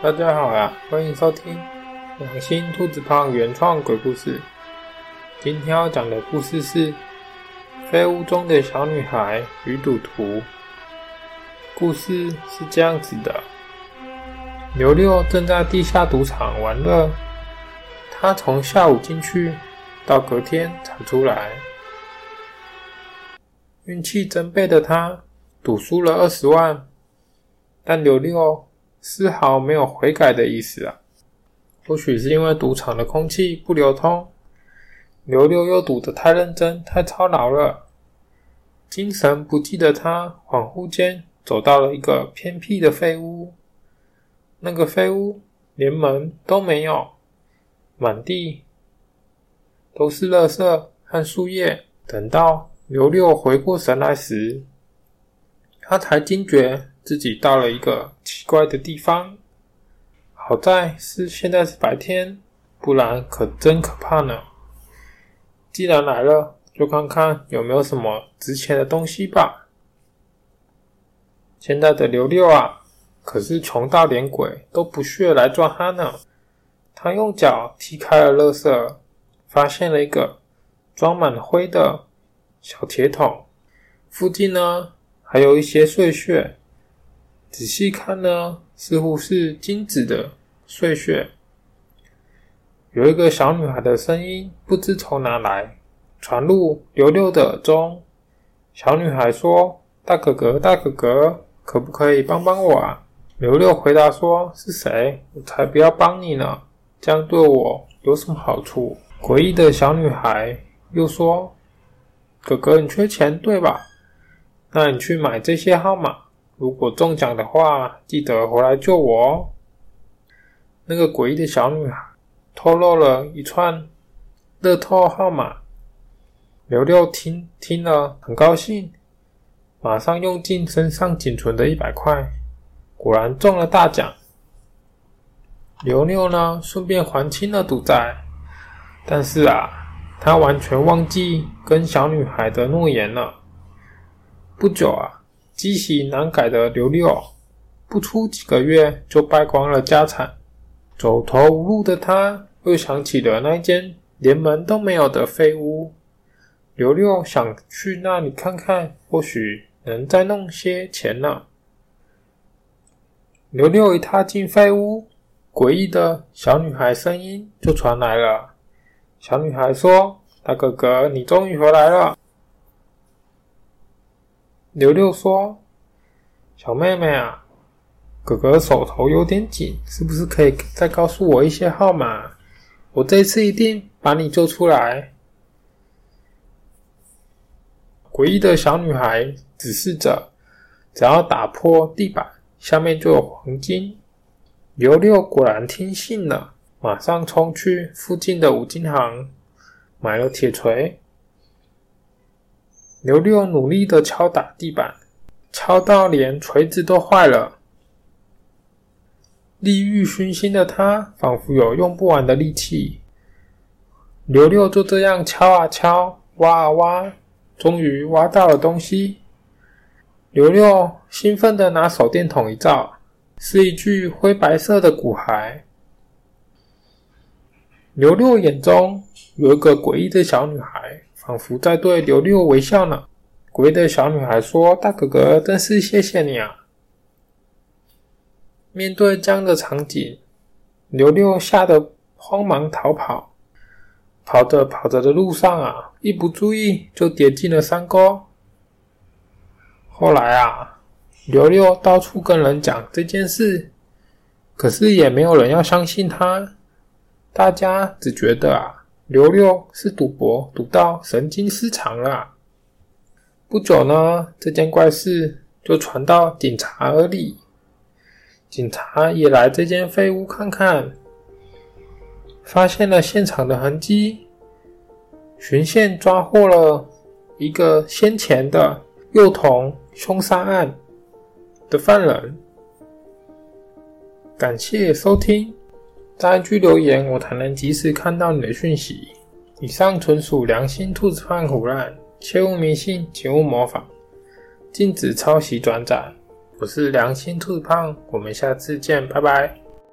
大家好呀，歡迎收聽《良心兔子胖》原創鬼故事。今天要講的故事是《廢屋中的小女孩與賭徒》。故事是這樣子的：劉六正在地下賭場玩樂，他從下午進去，到隔天才出來。運氣真背的他，賭輸了二十萬，但劉六。絲毫沒有悔改的意思啊！或許是因為賭場的空氣不流通，劉六又賭得太認真、太操勞了，精神不濟的他，恍惚間走到了一個偏僻的廢屋。那個廢屋連門都沒有，滿地都是垃圾和樹葉。等到劉六回過神來時，他才驚覺。自己到了一個奇怪的地方，好在是現在是白天，不然可真可怕呢。既然來了，就看看有沒有什麼值錢的東西吧。現在的劉六啊，可是窮到連鬼都不屑來抓他呢。他用腳踢開了垃圾，發現了一個裝滿灰的小鐵桶，附近呢還有一些碎屑。仔細看呢，似乎是金子的碎屑。有一個小女孩的聲音，不知從哪來，傳入劉六的耳中。小女孩說：“大哥哥，大哥哥，可不可以幫幫我啊？”劉六回答說：“是誰？我才不要幫你呢！這樣對我有什麼好處？”詭異的小女孩又說：“哥哥，你缺錢對吧？那你去買這些號碼。”如果中獎的話，記得回來救我哦。那個詭異的小女孩透露了一串樂透號碼，牛牛聽聽了很高興，馬上用盡身上僅存的一百塊，果然中了大獎。牛牛呢，順便還清了賭債，但是啊，他完全忘記跟小女孩的諾言了。不久啊。積習難改的劉六，不出幾個月就敗光了家產，走投無路的他，又想起了那間連門都沒有的廢屋。劉六想去那裡看看，或許能再弄些錢呢，啊。劉六一踏進廢屋，詭異的小女孩聲音就傳來了。小女孩說：“大哥哥，你終於回來了。”劉六說：“小妹妹啊，哥哥手頭有點緊，是不是可以再告訴我一些號碼？我這一次一定把你救出來。”詭異的小女孩指示着：“只要打破地板，下面就有黃金。”劉六果然聽信了，馬上衝去附近的五金行買了鐵錘。牛六努力的敲打地板，敲到連錘子都壞了。利慾熏心的他，仿佛有用不完的力氣。牛六就這樣敲啊敲，挖啊挖，終於挖到了東西。牛六興奮的拿手電筒一照，是一具灰白色的骨骸。牛六眼中有一個詭異的小女孩。仿佛在對劉六微笑呢。鬼的小女孩說：“大哥哥，真是謝謝你啊！”面對這樣的場景，劉六嚇得慌忙逃跑。跑着跑着的路上啊，一不注意就跌進了山溝。後來啊，劉六到處跟人講這件事，可是也沒有人要相信他。大家只覺得啊。劉六是賭博，賭到神經失常了。不久呢，這件怪事就傳到警察耳裡，警察也來這間廢屋看看，發現了現場的痕迹，循線抓獲了一個先前的幼童凶殺案的犯人。感謝收聽。在 IG 留言，我才能及時看到你的訊息。以上純屬良心兔子胖胡亂，切勿迷信，切勿模仿，禁止抄襲轉載。我是良心兔子胖，我們下次見，拜拜。